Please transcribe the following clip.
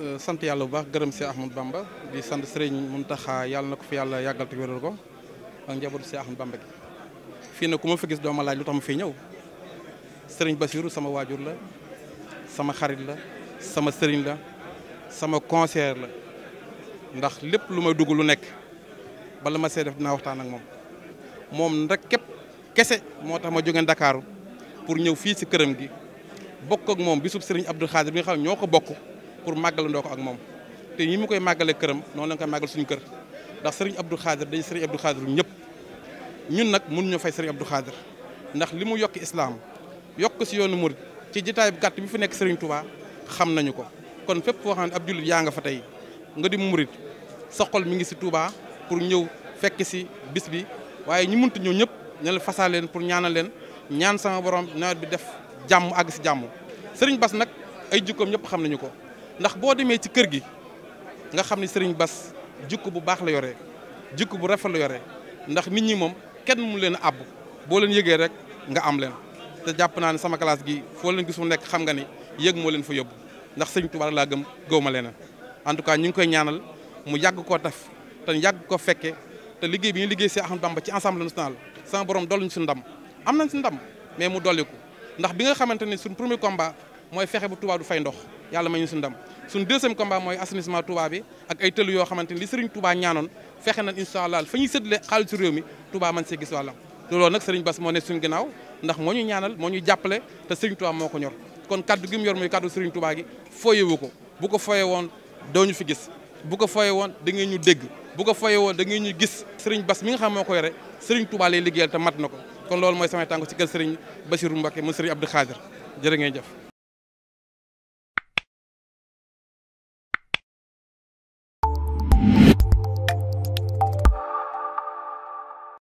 Euh, sant yàlla bu baax gërëm si Ahmad Bamba di sant sëriñ tax yàlla na ko fi yàlla yàggal te wéral ko ak njabootu si Ahmad Bamba gi fii nag ku ma fa gis dooma laaj lu tax mu fii ñëw sëriñ Basiru sama waajur la sama xarit la sama sëriñ la sama conseiller la ndax lépp lu may dugg lu nekk bala ma see def waxtaan ak moom moom nag képp kese moo tax ma jógee Ndakaaru pour ñëw fii si këram gi bokk ak moom bisub sëriñ Abdou Khadir bi nga xam ne ñoo ko pour màggalandoo ko ak moom te ñi mu koy màggale këram noonu la ñu koy màggal suñu kër ndax sëriñ Abdou Khadir dañu sëriñ Abdou Khadir ñëpp ñun nag mënuñu fay sëriñ Abdou Khadir ndax li mu yokki islaam yokk si yoonu murid ci jitaay bu gàtt bi fi nekk sëriñ Touba xam nañu ko kon fépp foo xam ne ab jullit yaa nga fa tey nga di murid sa xol mi ngi si Touba pour ñëw fekk si bis bi waaye ñi muntu ñëw ñëpp ñu la fasaa leen pour ñaanal leen ñaan sama borom nawet bi def jàmm àgg si jàmm sëriñ Bass nag ay jikkoom ñëpp xam nañu ko ndax boo demee ci kër gi nga xam ne sëriñ Bas jikko bu baax la yore jikko bu rafet la yore ndax nit ñi moom kenn mu leen a boo leen yëgee rek nga am leen te jàpp naa ne sama classe gi foo leen gis mu nekk xam nga ni yëg moo leen fa yóbbu ndax sëriñ Tuubaa laa gëm gëw ma leneen en tout cas ñu ngi koy ñaanal mu yàgg koo taf te yàgg ko fekke te liggéey bi ñu liggéey si Ahmadou Bamba ci Assemblée nationale sama borom ñu si ndam am nañ si ndam mais mu dolliku ndax mooy fexe bu Touba du fay ndox yàlla ma ñu suñu ndam suñu deuxième combat mooy assainissement Touba bi ak ay tëlu yoo xamante ni li Serigne Touba ñaanoon fexe nañ incha allah fa ñuy séddale xaalisu réew mi Touba man see gis wàllam loolu nag Serigne Bass moo ne suñu ginnaaw ñaanal moo ñu jàppale te Serigne moo ko ñor kon kaddu gi yor mooy kaddu Serigne Touba fooyewu ko bu ko fooye woon doo ñu fi gis bu ko fooye woon da ngeen ñu dégg bu ko fooye woon da ngeen ñu gis Serigne bas mi nga xam moo ko yore Serigne Touba lay liggéeyal te mat na ko kon loolu mooy samay tànk ci kër Serigne Bassirou Mbacké mu Serigne Abdou Khadir jërë ngeen jëf